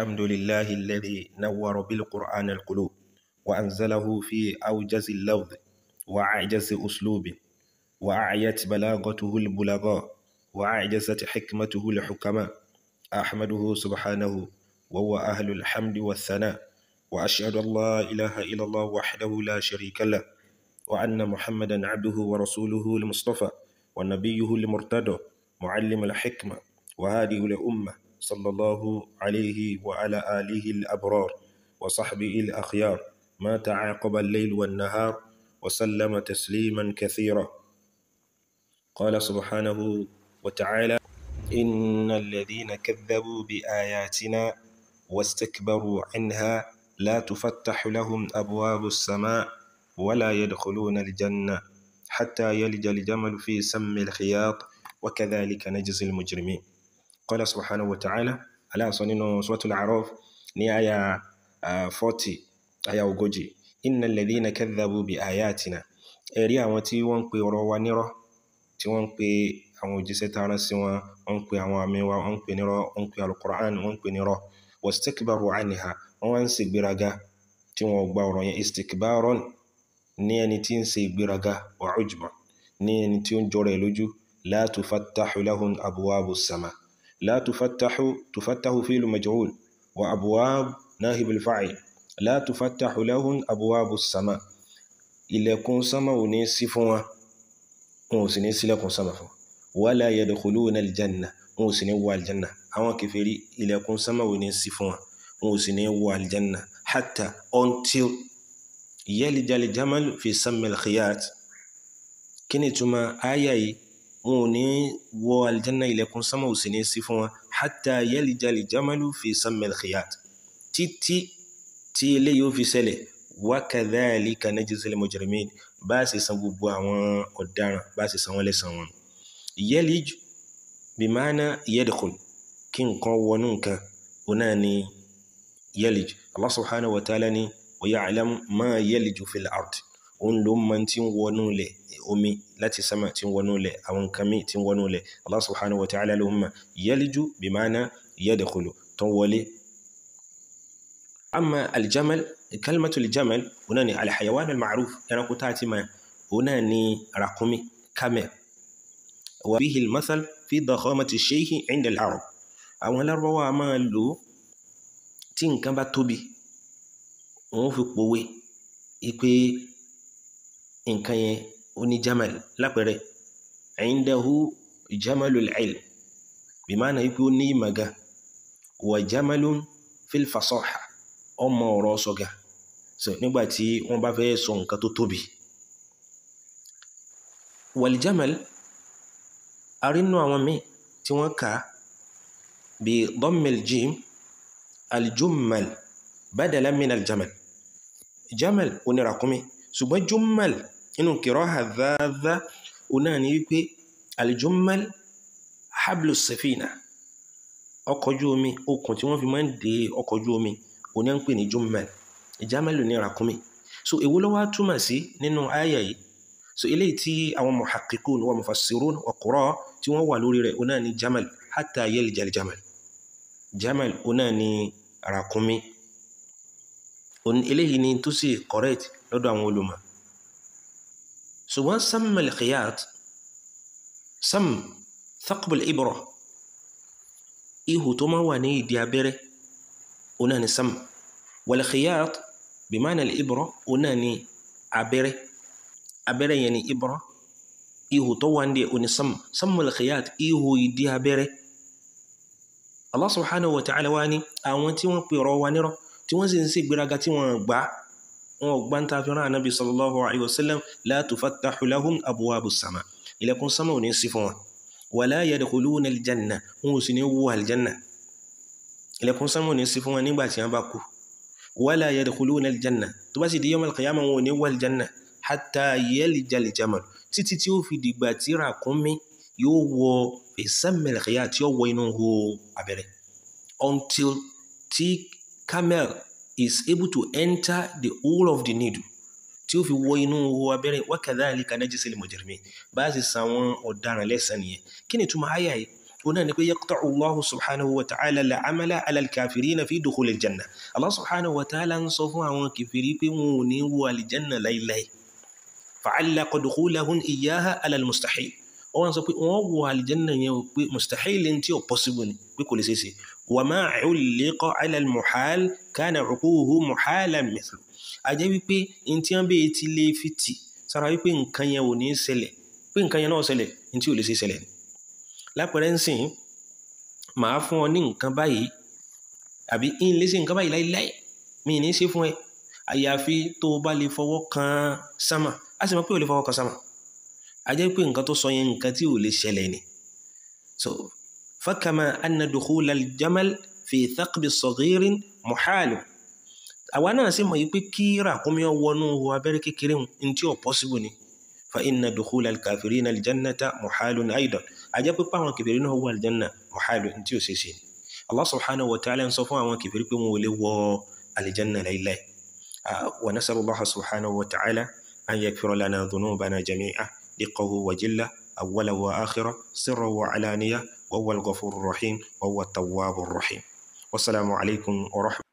الحمد لله الذي نور بالقرآن القلوب وأنزله في أوجز اللفظ وأعجز أسلوب وأعيت بلاغته البلغاء وأعجزت حكمته الحكماء أحمده سبحانه وهو أهل الحمد والثناء وأشهد الله لا إله إلا الله وحده لا شريك له وأن محمدا عبده ورسوله المصطفى ونبيه المرتدى معلم الحكمة وهذه الأمة صلى الله عليه وعلى آله الأبرار وصحبه الأخيار ما تعاقب الليل والنهار وسلم تسليما كثيرا قال سبحانه وتعالى إن الذين كذبوا بآياتنا واستكبروا عنها لا تفتح لهم أبواب السماء ولا يدخلون الجنة حتى يلج الجمل في سم الخياط وكذلك نجزي المجرمين qala subhanahu wa ta'ala aláàsọ nínú suratul a'raf ní àyà forty àyà ogójì innal ladhina kadhabu bi ayatina ẹ̀rí àwọn tí wọ́n ń pe ọ̀rọ̀ wa nírọ́ tí wọ́n ń pe àwọn òjíṣẹ́ tá a rán sí wọn wọ́n ń pe àwọn àmì wa wọ́n ń pe nírọ́ wọ́n pe alukur'an wọ́n pe nírọ́ wastakbaru anha wọ́n wá ń ṣe ìgbéraga gba ọ̀rọ̀ yẹn istikbaron ní ẹni tí ń ṣe ìgbéraga wa ujban ní ẹni tí ó ń jọrọ la tufattahu lahum abwabu sama لا تفتح تفتح فيل مجعول وأبواب ناهب الفعل لا تفتح لهم أبواب السماء إلا كون سما ونسفوا ونسي لا كون ولا يدخلون الجنة ونسي والجنة أو كفري إلا كون سما ونسفوا ونسي والجنة حتى until يلج الجمل في سم الخيات كنتما آيي wọn ò ní wọ aljanna ilẹ̀kùn sánmà ò sì ní sí fún wọn hatta yalijali jamalu fi sammil khiyat títí tí eléyìí ó fi ṣẹlẹ̀ wa kadhalika najzil mujrimin bá a sì san gbogbo àwọn ọ̀daràn bá a sì san wọ́n lẹ́san wọn. yalij bimaana yadkhul kí nǹkan wọnú nǹkan òun náà ni yalij Allah subhanahu wa ta'ala ni wa ya'lamu ma yaliju fil ard òun ló mọ tí ń wọnú ilẹ̀ omi láti sánmà tí ń wọnú ilẹ̀ àwọn nǹkan míì tí ń wọnú ilẹ̀ Allah subhanahu wa ta'ala ló mọ̀ yaliju bimana yadkhulu tó ń wọlé. amma aljamal kalmatu aljamal òun náà ni alhayawan almaruf ẹranko tá a ti mọ òun náà ni rakumi kamel wa bihi almasal fi dakhamati shayhi inda al-arab àwọn alárúbáwá máa lò tí nǹkan bá tóbi wọn fi pòwe ipe nǹkan yẹn ó ní jamal lápẹẹrẹ indahu jamalul ilm bí máa na wípé ó ní ìmọ̀ gan wà jamalun fil fasaha ọmọ ọ̀rọ̀ sọ gan so nígbà tí wọ́n bá fẹ́ sọ nǹkan tó tóbi wal jamal arínú àwọn míì tí wọ́n kà á bí jim aljummal badala min aljamal jamal oníràkúnmí ṣùgbọ́n jummal inú kìrọ́ hadhadha òun náà ni wípé aljummal hablu sefina ọkọ̀ ojú omi okùn tí wọ́n fi máa ń de ọkọ̀ ojú omi òun náà ń pè ní jummal ìjámẹ́lò ní ràkúnmí so èwo ló wá túmọ̀ sí nínú àyà yìí so eléyìí tí àwọn muhakkikun wa mufassirun wa qurra tí wọ́n wà lórí rẹ̀ òun ni jamal hatta yalja aljamal jamal òun náà ni ràkúnmí eléyìí ni tó sì correct lọ́dọ̀ àwọn olùmọ̀ ṣùgbọ́n sammal khiyat sam thaqbul ibra ihò tó máa wà ní ìdí abẹ́rẹ́ òun náà ni sam wal khiyat bimana al ibra òun náà ni abẹ́rẹ́ abẹ́rẹ́ yẹn ni ibra ihò tó wà ní òun ni sam sammal khiyat ìdí abẹ́rẹ́ Allah subhanahu wa ta'ala wa ni àwọn tí wọ́n pè wa nírọ̀ tí wọ́n sì ń ṣègbéraga tí wọ́n gbà wọn ò gbáǹtà fi rán anábì sallallahu alayhi wa sallam la tufattahu lahum abwabus sama ilẹ̀kùn sámà ò ní sí fún wọn wala yadkhuluna aljanna wọn ò sì ní wọ aljanna ilẹ̀kùn sámà ò ní sí fún wọn nígbà tí wọn bá kú wala yadkhuluna aljanna tó bá sì di yawmal qiyamah wọn ò ní wọ aljanna hatta yalija aljamal títí tí ó fi dìgbà tí ràkúnmí yóò wọ ìsẹ́mẹ̀l tí ó wọ inú ihò abẹ́rẹ́ until tí camel is able to enter the hole of the needle tí ó fi wọ inú wo abẹ́rẹ́ wakadhalika najzil mujrimin bá a sì san àwọn ọ̀daràn lẹ́san nìyẹn kí ni túmọ̀ àyà yìí ó náà ni pé yaqta'u Allahu subhanahu wa ta'ala la amala ala al-kafirina fi dukhulil janna Allah subhanahu wa ta'ala ń sọ fún àwọn kìfìrí pé wọn ò ní wọ àlìjánà láíláí fa'allaqa dukhulahun iyyaha ala al-mustahil ó wá sọ pé wọ́n wọ àlìjánà yẹn pé mustahil ní tí ò possible ni pé kò lè ṣeé ṣe wàmá àìlèkọ́ alẹ́lmùhàl kánà òkúhù mùhàlà mẹ́fìlú a jẹ́ wípé n tí wọ́n bẹ́ẹ̀ ti lé fìtì sára wípé nǹkan yẹn ò ní ṣẹlẹ̀ pé nǹkan yẹn náà ṣẹlẹ̀ n tí ò lè ṣe ṣẹlẹ̀ ni lápẹ̀rẹ̀ ń sìn màá fún ọ ní nǹkan báyìí àbí ń lé sí nǹkan báyìí láíláí mi ní ṣe fún ẹ àyàfi tó o bá lè fọwọ́ kan sámà a sì mọ̀ pé ò lè fọwọ́ kan sámà a jẹ́ nǹkan tó sọ yẹn nǹkan tí ò lè ṣẹlẹ̀ ni so فكما أن دخول الجمل في ثقب صغير محال àwa náà sì mọ̀ yìí pé kí ràkúnmí wọnú abẹ́rẹ́ kékeré ń tí ò pọ́sibú ni fa inna dukhul al-kafirina al-jannata muhalun aidan ajẹ́ pípa àwọn kẹfìrí náà wọ aljanna muhalun tí ò ṣeéṣe ni Allah subhanahu wa ta'ala ń sọ fún àwọn kẹfìrí pé wọn ò lè wọ aljanna láìláì wa nasalu Allah subhanahu wa ta'ala an yaghfira lana dhunubana jami'a diqqahu wa jillahu awwala wa akhira sirra wa alaniya وهو الغفور الرحيم وهو التواب الرحيم والسلام عليكم ورحمة